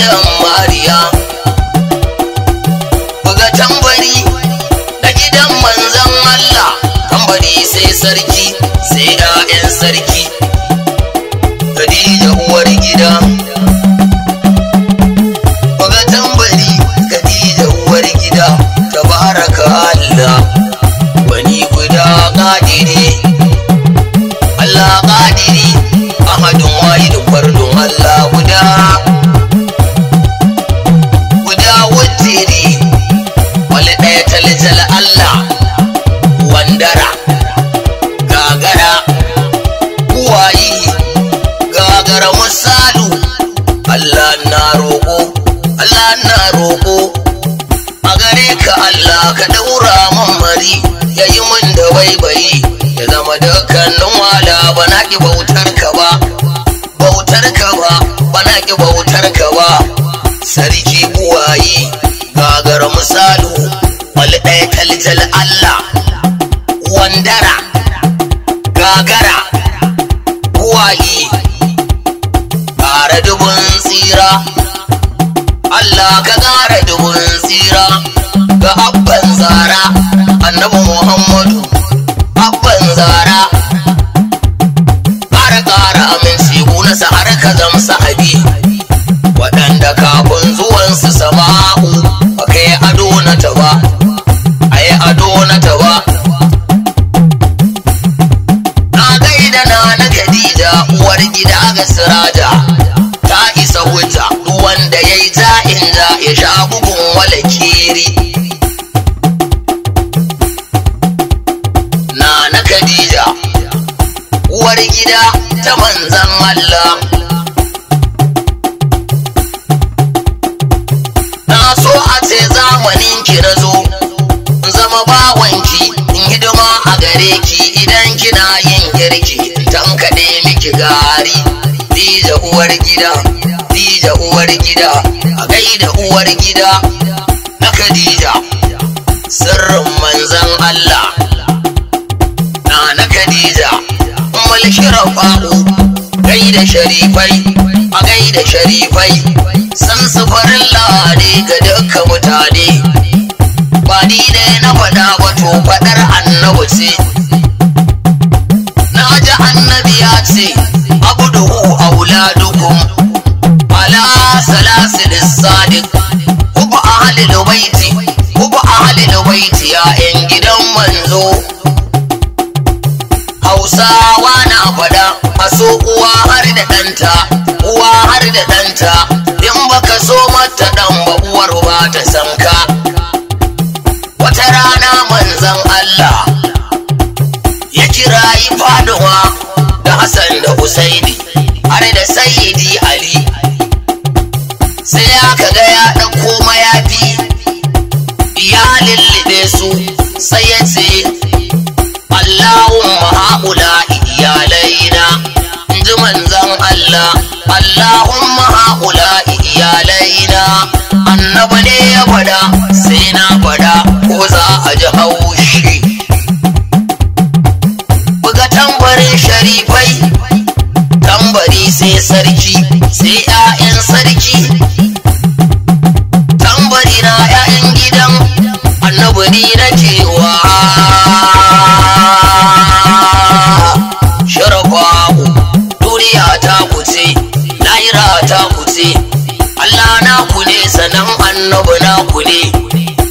kiɗan mariya buga tambari na gidan manzan Allah tambari sai sarki sai 'ya'yan sarki Khadija uwar gida roƙo a gare ka Allah ka ɗaura mun bari ya yi min da waibayi ya zama dukkanin wala ba na ki bautar ka ba bautar ka ba ba na ki bautar ka ba sarki buwayi gagar misalu wal jal Allah wandara gagara buwayi ka ƙara dubun tsira ga abban zara annabi muhammadu abban zara har ƙara aminci gunasa har ka zama sahabi waɗanda kafin zuwansu sama'u ba ka ado na ba a yi ado na ba na gaida na na da uwar gida ga siraja ta isa wuta wanda ya yi ta banza ya sha bugun wala na na Khadija uwar gida ta manzan Allah na so a ce zamanin ki na zo zama bawanki in hidima a gare ki idan kina yin girki tankaɗe miki gari dija uwar gida Khadija uwar gida a gaida uwar gida na Khadija sirrin manzan Allah na na Khadija ummul kai gaida sharifai a gaida sharifai san sufarin lade ga dukkan mutane ba ni ne na faɗa ba to faɗar annabi ce na ji annabi ya ce abuduhu auladukum salasil sadiq ku ku ahlil baiti ku ya yan gidan manzo Hausawa na faɗa a so uwa har da ɗanta uwa har da ɗanta in baka so mata ɗan ba uwar ba ta sanka wata rana manzan Allah ya kira yi faduwa da Hassan da Usaidi har da Sayyidi Ali Allah Allahumma haula iyalaina Annaba ne ya fada sai na fada ko za a ji haushi buga tambarin sharifai tambari sai sarki sai 'ya'yan sarki tambari na 'ya'yan gidan annaba ne na ce annabu naku ne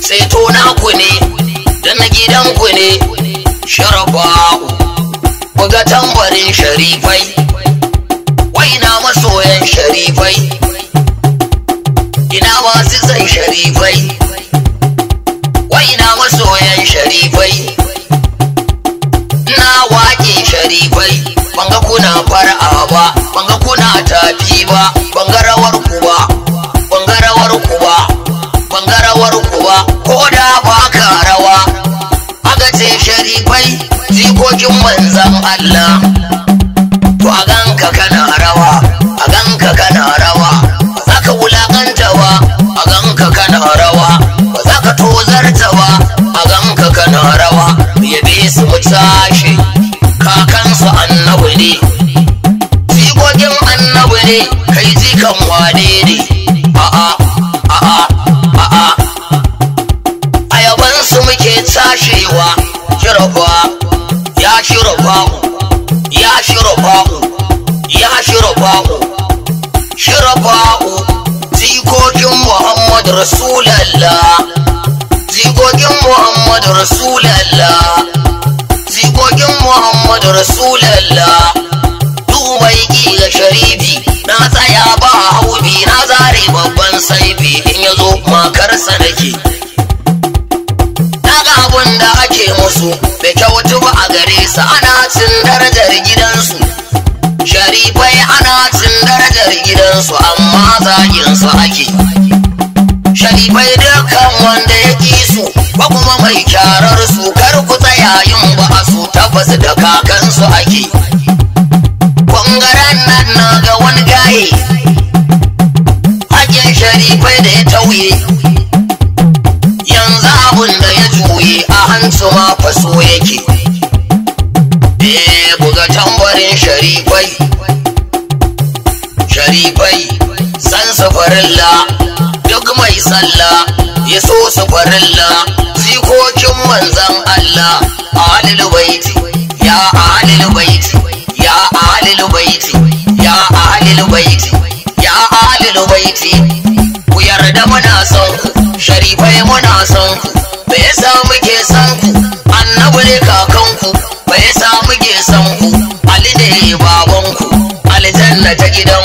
sai to naku ne da na gidanku ne sharafa'u ku ga tambarin sharifai waina masoyan sharifai ina masu zai, sharifai waina masoyan sharifai na wake sharifai Ban ga kuna fara'a ba ga kuna tafi ba isu tashi kakansu annabi ne jikokin annabi ne kai jikan wane ne a'a a'a a'a a yabansu muke tashewa shirafa ya shirafa ya shirafa ya shirafa shirafa jikokin muhammad rasulallah jikokin muhammad rasulallah rasulallah dubai ki ga sharifi na tsaya ba haubi na zare babban saifi in ya zo makarsa nake daga abun da ake musu da kyautu ba a gare su ana cin gidansu sharifai ana cin darajar gidansu amma zaginsu ake sharifai dukkan wanda ya ƙi su ba kuma mai kyarar yayin ba a su tabbas da kakansu ake Ƙungaren nan na ga wani gaye hakin sharifai da ya tauye yanzu abun da ya juye a hansu ma faso yake buga tambarin sharifai sharifai san la. duk mai sallah ya so su farilla zikokin manzan Allah alil baiti ya alil baiti ya alil baiti ya alil baiti ya alil baiti ku yarda muna son ku sharifai muna son ku Bai yasa muke son ku annabi ne kakan ku bai yasa muke son ku ali ne baban aljanna ta gidan